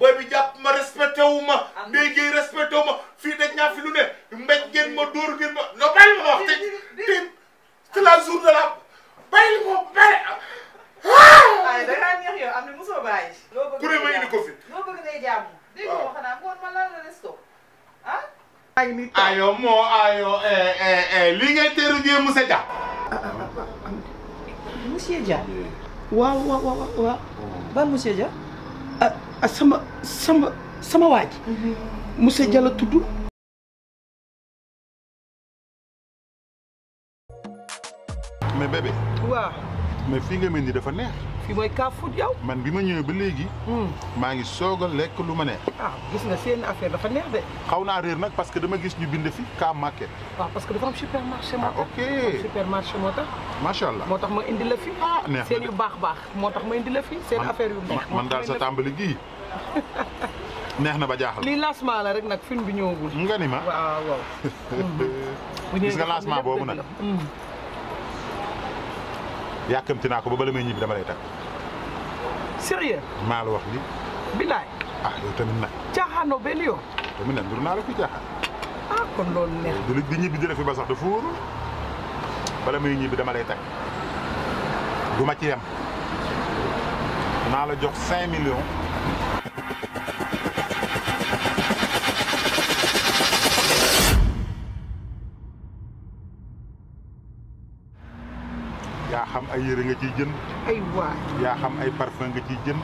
booy bi jàpp ma respecté wu ma. ndey géey respecté wu ma fii dañ fi lu ne mbéj ngeen ma dóor ngeen ma non ma wax te te c'est la jour de la bàyyi ma bàyyi. Ah, waaye ah? ayo moo ayo eh, eh, eh, lii ngay teeru jee monsieur Dia. Ah, monsieur Dia. waaw waaw waaw waaw oh. ban monsieur Dia. ah sama sama waaj mm-hmm. monsieur Diallo tudd mais bébé waaw mais fii nga mel ni dafa neex fii mooy Kaafour yow man bi ma ñëwee ba léegi mm. maa ngi soog a lekk lu ma neex ah gis nga seen affaire dafa neex de xaw naa réer nag parce que dama gis ñu bind fi Ka Market waaw ah, parce que dafa am supermarché moo tax ok macha allah moo tax ma indi la fi ah neex seen yu baax baax moo tax ma indi la fi seen affaire yu neex man daal sa tàmbali gii neex na ba jaaxal. lii lancement la rek nag film bi ñëwagul. nga ni ma waaw waaw. gis nga boobu nag. Hmm. yàkkamti naa ko ba bala may ñibbi dama lay takk. sérieux. maa la wax lii. bilaay. ah yow tamit nag. caaxaanoo benn yoon. tamit nag ndur naa la fi caaxaan. ah kon loolu neex na. du ñibbi jëlee fi ba sax dafa wóorul. bala may ñibbi dama lay takk. du ma ci yem. naa la jox 5 million ay yére nga ciy jënd. ay waay yaa xam ay parfum nga ci jënd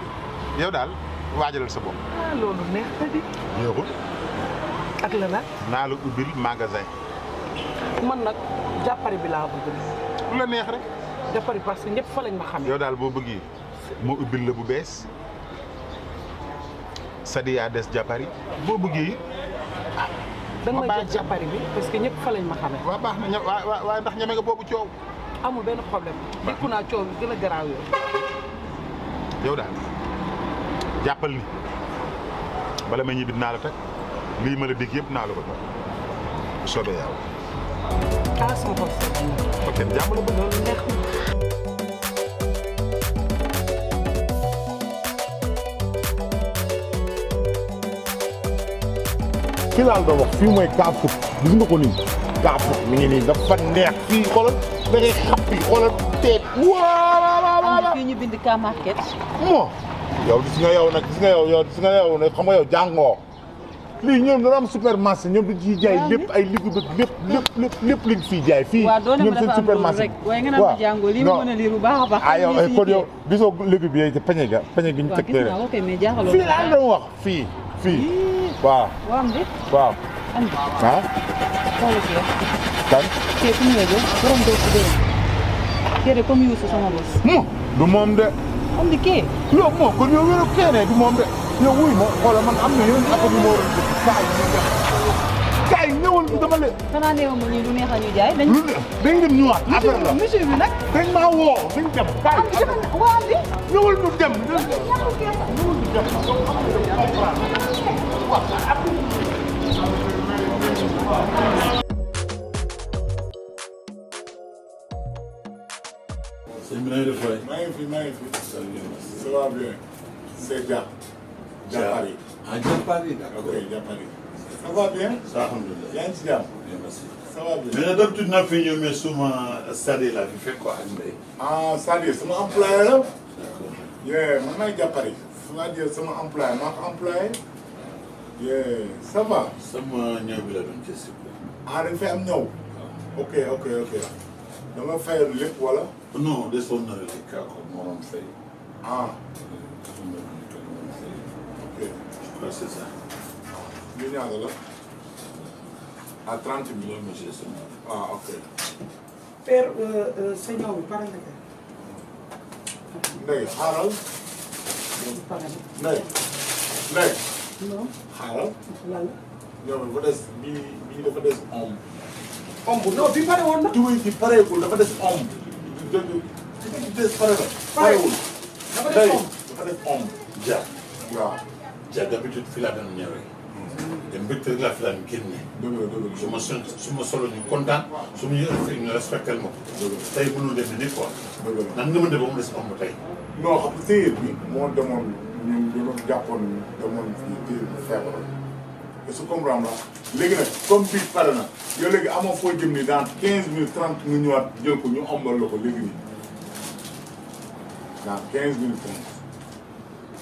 yow daal waajalal sa bopp. ah loolu neex na di. ak la nag. naa la ubbil magasin. man nag jàppari bi laa bëgg. lu la neex rek. jàppari parce que ñëpp fa lañ ma xam. yow daal boo bëggee moo ubbil la bu bees Sadiya des jàppari boo bëggee ah. ma bàyyi da jàppari bi parce que ñëpp fa lañ ma xamee. waaw baax na waaw ndax ñeme nga boobu coow. amul benn problème. dégg naa coow bi gën a garaaw jàppal ni bala ma ñibbi naa teg lii ma la dig yëpp naa la ko jox soobee yàlla. ah sama bopp. ok jàmm la bëgg ki daal doon wax fii mooy Kaafut gis nga ko nii. Daafour mi ngi nii dafa neex fii xoolal da ngay xàppi xoolal teet. waaw fii ñu bind K market. moo yow gis nga yow nag gis nga yow yow gis nga yow nag xam nga yow jàngoo. lii ñoom dana am supermarché ñoom dañ ciy jaay lépp ay liquide lépp lépp lépp lépp liñ fiy jaay fii ñoom seen supermarché waaye nga naan jàngoo lii ma mën a lire bu baax a baax ah yow kon yow gisoo légume bi yooyu te pañe ga pañe gi ñu teg fii laa doon wax fii fii waaw waaw ah. xoolal kii rek. kan. kii fu mu yëgee borom doo ko dee. kii rek comme Youssou mu du moom de. am di kii. yow moom kon yow wéru keenee du moom de yow wuy ma xoolal am na yeneen affaire yu ma war a def saa yu ñu ñëwal dama le. xanaa néew ma ñu lu neex a ñu jaay. dañ ñu dañ dem ñëwaat affaire la monsieur bi sëñ bi na nga def waay. maa ngi fi maa ngi fi. Ah, ça va bien. alhamdulilah yaa ngi ci jàmm. bien merci. ça suma Sade laa fi fekk ko ah, ak sama employé la. d'accord. man maay Dia Paris. sama employé maa ko Yeah, ça va. sama ñëw bi la ah, am ñëw. Ah. ok ok ok. na la kaa ko moroom fay. ah. ok. waaw c'est ça. ñu ñaata la. à trente millions monsieur Sène. ah ok. père sa ñëw bi pare nga tey. ndey xaaral. ndey xaaral. yow dafa des bii bii dafa des omb. omb non bi pare woon na. tuuti bi pareegul dafa des omb. dégg nga des pare la. pareegul dafa des omb dafa des omb. ja waaw ja d'habitude fii laa daan ñëwee. génne. dëgg la dëgg la su ma seen su ma solo ñu kontaan su ma yëngatee ñu respecté ma ko. dëgg la tey mënul ni quoi. dëgg la nan mu des omb tey. non xam nga bi moo demoon. ñu jàppoon ni demoon fii kii bi feebaroon est-ce que comprendre la léegi nag comme bii pare na yow léegi amoo foo jëm ni dans quinze minutes trente nga ñëwaat jël ko ñu ombal la ko léegi nii dans quinze minutes trente.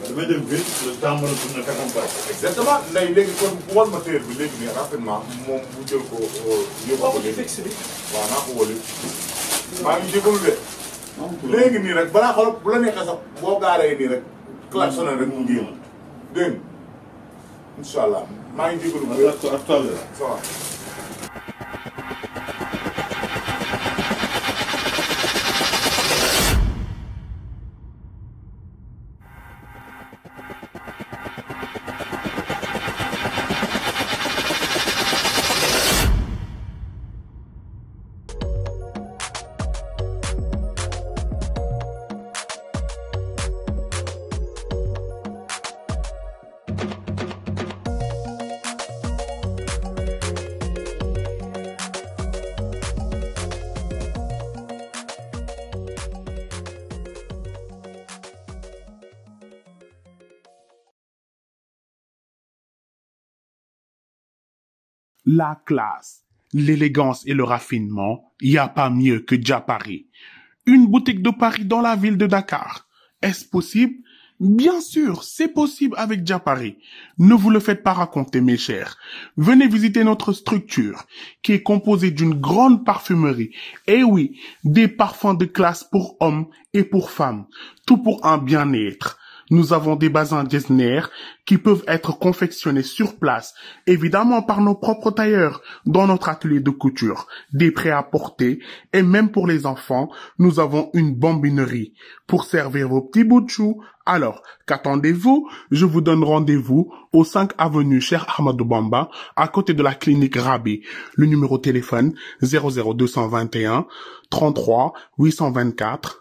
damay dem vite le temps mën a tourner kanam bari. exactement léegi léegi kon wol ma téer bi léegi nii rapidement moom mu jël ko euh, yóbbu ko léegi waaw naa ko wóolu maa ngi jégalu de léegi nii rek balaa xool bu la neexee sax boo gaaree nii rek klaxon rek mu génn dégg nga incha allah maa ngi jégalu bu wér. ça va. la classe, l'élégance et le raffinement, y a pas mieux que Diapari. Une boutique de Paris dans la ville de Dakar. Est-ce possible? Bien sûr, c'est possible avec Diapari. Ne vous le faites pas raconter, mes chers. Venez visiter notre structure, qui est composée d'une grande parfumerie. Et eh oui, des parfums de classe pour hommes et pour femmes. Tout pour un bien-être Nous avons des bazins Getzner qui peuvent être confectionnés sur place, évidemment par nos propres tailleurs, dans notre atelier de couture, des prêt-à-porter, et même pour les enfants, nous avons une bombinerie pour servir vos petits bouts de chou. Alors, qu'attendez-vous Je vous donne rendez-vous au 5 avenue Cher Ahmadou Bamba, à côté de la clinique Rabi. Le numéro de téléphone 00221 33 824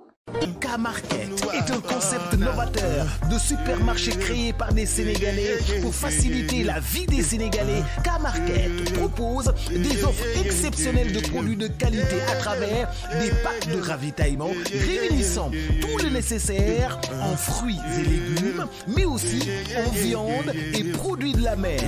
k un concept novateur de supermarché créé par des Sénégalais pour faciliter la vie des Sénégalais. K-Market propose des offres exceptionnelles de produits de qualité à travers des packs de ravitaillement réunissant tout le nécessaire en fruits et légumes, mais aussi en viande et produits de la mer.